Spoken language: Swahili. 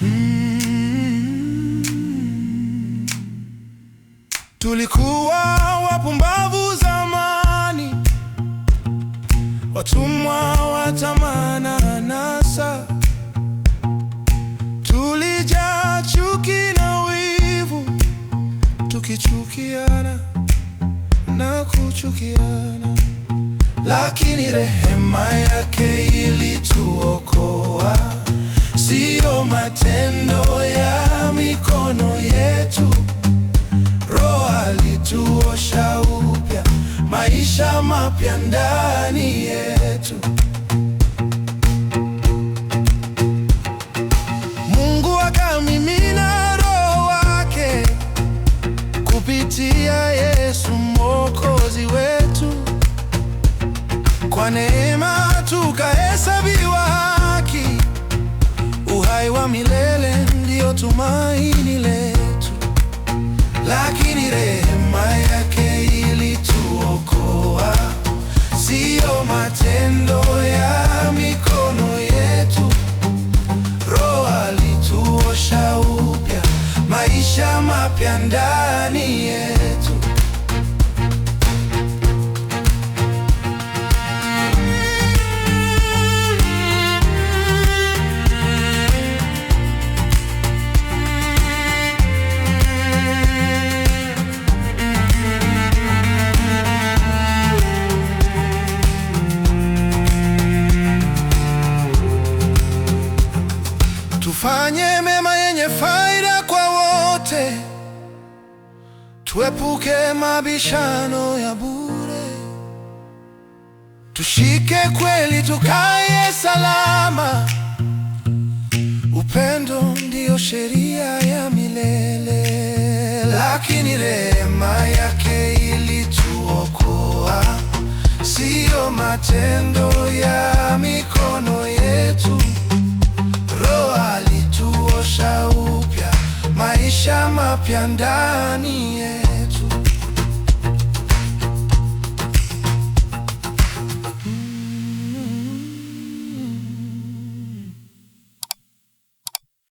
Hmm. tulikuwa wapumbavu zamani, watumwa wa tamaa na anasa, tulijaa chuki na wivu, tukichukiana na kuchukiana, lakini rehema yake ilituokoa sio matendo ya mikono yetu. Roho alituosha upya, maisha mapya ndani yetu. Mungu akamimina Roho wake kupitia Yesu Mwokozi wetu kwa neema tumaini letu, lakini rehema yake ilituokoa, siyo matendo ya mikono yetu. Roho alituosha upya, maisha mapya ndani yetu. Tufanye mema yenye faida kwa wote, tuepuke mabishano ya bure, tushike kweli, tukae salama. Upendo ndiyo sheria ya milele, lakini rehema yake ilituokoa, siyo matendo ya maisha mapya ndani